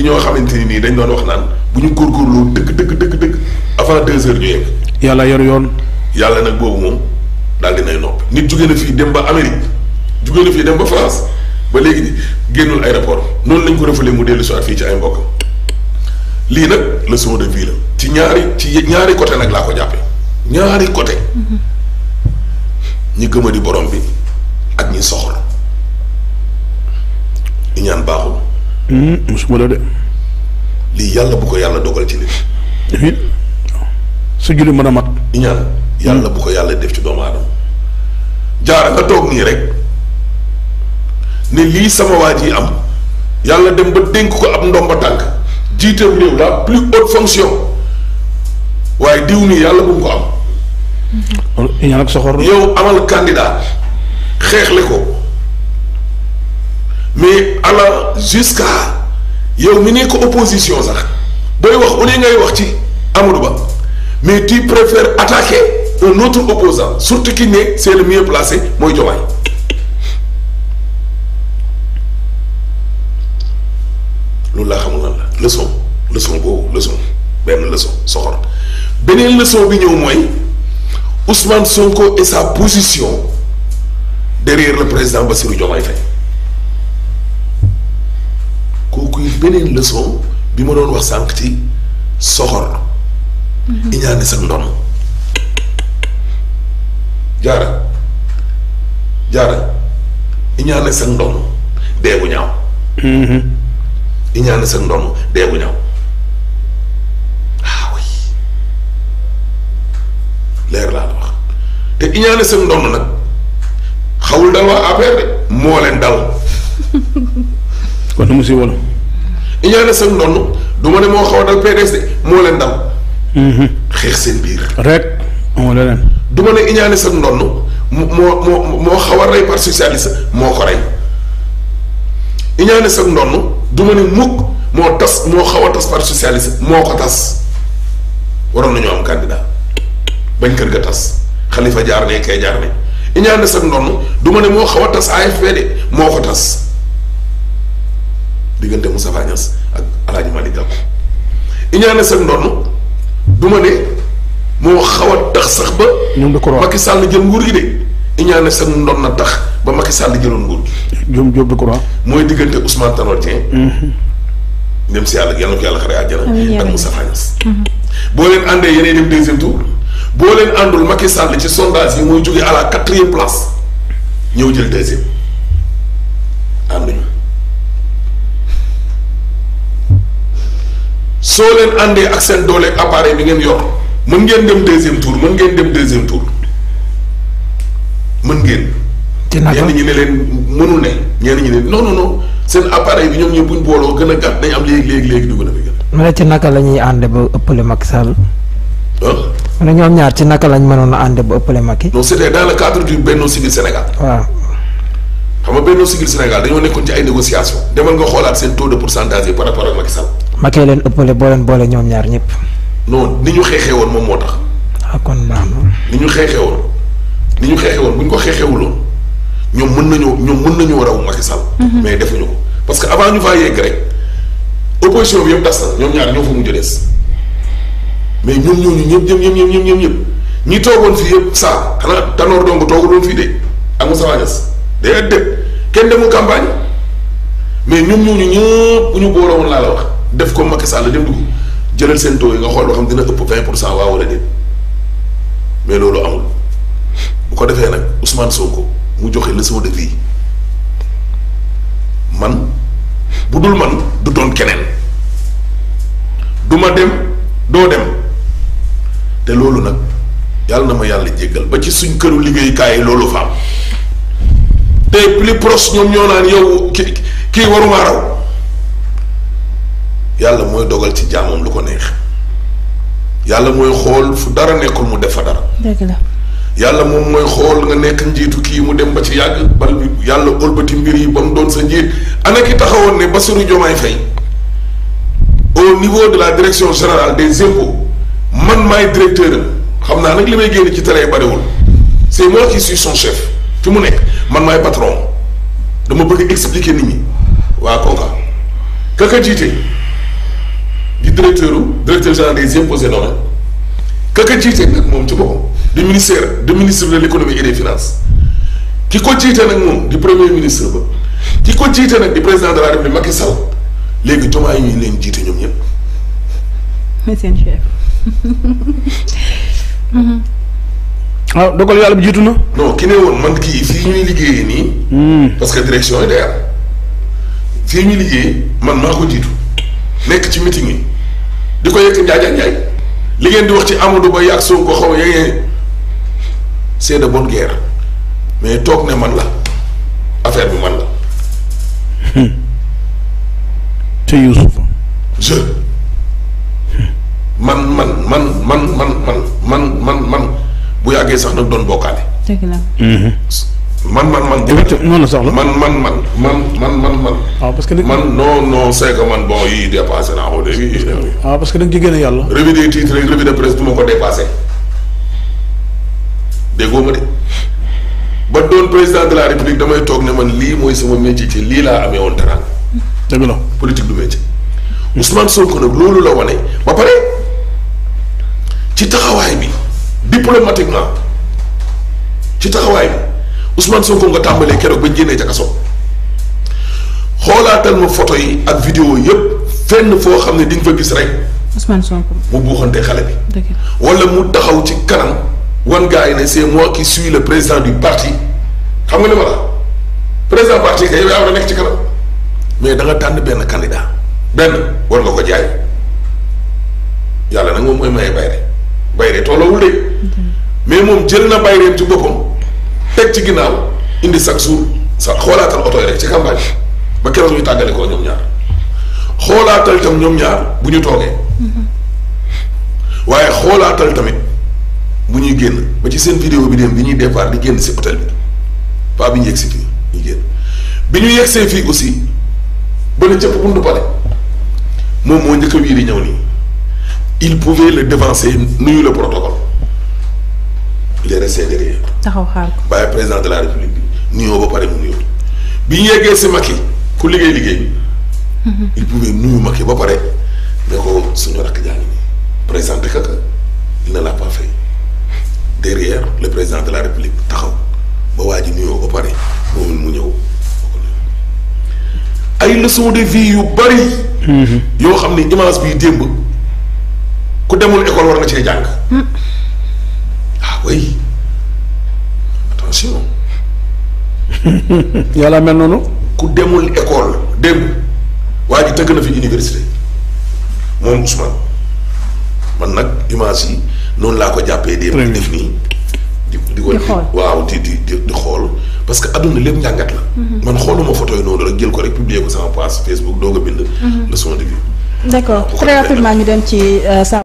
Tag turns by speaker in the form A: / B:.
A: ci ñoo xamante ni nii dañ doon wax naan bu ñu góorgóorloo dëgg dëgg dëkk dëgg avant deux heures ñu yegg. yàlla yor yoon. yàlla nag boobu moom daal nay nopp nit jugee na fii dem ba Amérique jugee na fii dem ba France ba léegi di génnul aéroport noonu lañ ko refalee mu dellu soit fii ci ay mbokk lii nag leçon de vie la ci ñaari ci ñaari côté nag laa ko jàppee ñaari côté ñi gëm a di borom bi ak ñi soxla ñi ñaan baaxul. Hmm, musuma la de. lii yàlla bu ko yàlla dogal ci nit. su julli mën a mat. ñaan yàlla hmm. bu ko yàlla def ci doomu aadama jaara nga toog nii rek ne lii sama waa ji am yàlla dem ba dénk ko ab ndomba tànk jiiteem réew la plus haute fonction waaye diw nii yàlla bu mu ko am. loolu ak soxor yow amal candidat xeexle ko. mais allant jusqu'à yow mi nekk opposition sax booy wax au ngay wax ci Amadou Ba mais tu préfères attaquer un autre opposant surtout ki ne c'est le mieux placé mooy Diomaye loolu laa xamul lan la leçon leçon boobu leçon benn leçon soxor beneen leçon bi ñëw mooy Ousmane Sonko et sa position derrière le président Bassirou Diomaye Faye beneen leçon bi ma doon wax sànq ci soxor. Mhm. iñaane sa ndom. jaara jaara iñaane sa ndom dee bu ñaaw. Mhm. iñaane sa ndom dee bu ñaaw. ah oui leer laa la wax te iñaane sa ndom nag xawul dal waa affaire de moo leen dal. kon mu si iñaane sag ndonn du ma ne moo xaw a dal PDS moo leen dal mhm. xeex seen biir rek moo leen du ma ne iñaane sag ndonn moo moo moo xaw a rey par socialiste moo ko rey iñaane sag ndonn du ma ne mukk moo tas moo xaw a tas par moo ko tas waroon nañoo am candidat bañ kër ga tas xalifa jaar ne kay jaar ne iñaane sag ndonn du ma ne moo xaw a tas AFP moo ko tas diggante Moustapha Niasse ak El Hadj Malick Gakou iñaane seen ndoonu du ma ne moo xaw a tax sax ba. ñoom da ko Macky Sall jël nguur gi de iñaane seen ndoon na tax ba Macky sàll jëloon nguur gi. Diop Diop mooy diggante Ousmane Tanor Dieng. Mm-hmm. dem si yàlla yàlla na ko yàlla xare àjjana. ak Moustapha mm-hmm. boo leen àndee yeneen dem deuxième tour boo leen àndul Macky Sall ci sondage yi mooy jógee à la quatrième place ñëw jël deuxième. soo leen àndee ak seen dooleeg appareil bi ngeen yor mën ngeen dem deuxième tour mën ngeen dem deuxième tour mën ngeen. ñenn ñi ne leen mënu ne ñenn ñi ne non non non seen appareil bi ñoom ñoo buñ booloo gën a gàtt dañ am léegi léegi léegi du gën a gën. mu ne ci naka la ñuy ànd ba ëppale Macky Sall. mu ne ñoom ñaar ci naka lañ mënoon a ànd ba ëppale Macky. non c'était dans le cadre du Benno Siggil Sénégal. waaw. xam nga Benno Siggil Sénégal dañoo nekkoon ci ay négociations demal nga xoolaat seen taux de pourcentage yi par rapport ak Macky Sall. Macky leen ëppale boo boole ñoom ñaar ñëpp. non ni ñu xeexee woon moom moo tax. ah kon baax na. ni ñu xeexee woon ni ñu xeexee woon bu ñu ko xeexeewuloon ñoom mën nañoo ñoom mën nañoo raw Macky Sall. Mhm. mais defuñu ko parce que avant ñu faa yegg rek opposition bi yëpp tas na ñoom ñaar ñoo fa mujj des mais ñu ñooñu ñëpp ñëpp ñëpp ñëpp ñëpp ñëpp ñi toogoon fii yëpp saa xanaa Tanor Dong tooguloon fii de ak Moussa Wañas day kenn demul campagne ñu boole woon laa la wax. def ko Macky Sall dem dugg jëlal seen taux nga xool ba xam dina ëpp vingt pour cent waaw wala déet mais loolu amul bu ko defee nag Ousmane ko mu joxe leçon de vie man bu dul man du doon keneen duma dem doo dem te loolu nag yàlla na ma yàlla jéggal ba ci suñ këru liggéeyukaay yi loolu fa am te plus proche ñoom ñoo naan yow ki kii waruma raw. yàlla mooy dogal ci jaamam lu ko neex yàlla mooy xool fu dara nekkul mu def fa dara. dëgg yàlla moom mooy xool nga nekk njiitu kii mu dem ba ci yàgg ba yàlla ëlbati mbir yi ba doon sa njiit ana ki taxawoon ne ba Bassirou Diomaye fay au niveau de la direction générale des impôts man maay directeur xam naa nag li may génn ci télé bariwul c'est moi qui suis son chef fi mu nekk man maay patron dama bëgg expliquer nit ñi waa kooka kaka jiite. di directeur directeur général des impôts et jiite nag moom ci boppam di ministère de ministre de l' économie et des ki ko jiite nag moom di premier ministre ba ki ko jiite nag di président de la ma Macky saw léegi jomaa yi leen jiite ñoom ñëpp. mooy seen chef. waaw mhm. ah, dogal bi jiitu na. non ki ne woon man kii fii ñuy liggéeyee nii. Hmm. parce que direction yi day am fii liggéey man maa ko jiitu nekk ci meeting yi. di ko yëkk njaay ak njaay li ngeen di wax ci Amadou Ba yàgg Sonko xaw ma yéen c'est de bonne mais toog ne man la affaire bi man la. Hmm. te Youssouf. je man man man man man man man man man bu yàggee sax nag doon bokkaale. man man man. noonu la soxla man man man man man man man. waaw ah, parce que man non non c'est que man bon yii dépassé naa ko léegi. waaw ah, parce que da nga ci gën a yàlla. revue des titres yi revue de presse du ma ko dépassé déggoo ma de ba doon président de la république damay toog ne man lii mooy sama métier ci lii laa amee woon teraanga. dëgg la politique du métier. Ousmane Sonko nag loolu la wane ba pare ci taxawaay bi diplomatiquement ci taxawaay bi. Ousmane Sonko nga tàmbalee keroog bañ génnee ca kaso xoolaatal ma photo yi ak vidéo yëpp fenn foo xam ne di nga fa gis rek. Ousmane Sonko mu buuxante xale bi. wala mu taxaw ci kanam wan gars yi ne moo moi qui suis le président du parti xam nga li ma la président parti kay yow yaa war a nekk ci kanam mais danga nga tànn benn candidat benn war nga ko jaay yàlla nag moom mooy maye bayre bayre tolloowul de mais moom jël na bayreem ci boppam. teg ci ginnaaw indi chaque jour sa xoolaatal oto yi rek ci campagne ba keroog ñu tàggale ko ñoom ñaar xoolaatal itam ñoom ñaar bu ñu toogee waaye xoolaatal tamit bu ñuy génn ba ci seen vidéo bi dem bi ñuy départ di génn si hôtel bi pas bi ñu yegg si fii ñu génn bi ñu yegg see fii aussi ba ne cëpp buntu pare moom moo njëkk a di ñëw nii il pouvait le devancer nuyu la protocole il est resté derrière taxaw xaar ko bàyyi président de la république bi nuyoo ba pare mu nuyoo bi ñu yeggee liggéey liggéey bi. Mhm. il pouvait nuyu ko suñu rakk jaa ngi nii présenté kaka il ne l'a derrière le président de la république taxaw ba waa ji ba pare moom mu ñëw. ay leçons de vie yu bari. Mhm. yoo xam ne image bii démb ku demul école war nga cee jàng. Mm. ah oui. attention. yàlla mel noonu. ku demul école démb waa ji tëgg na fi université moom Ousmane man nag image yi noonu laa ko jàppee. démb di def nii. di di ko waaw di di di xool. parce que adduna lépp njàngat la. Mhm. man xooluma photo yi noonu rek jël ko rek publier ko sama page Facebook doog a bind. Mhm. leçon de vie. d'accord très rapidement ñu dem ci euh,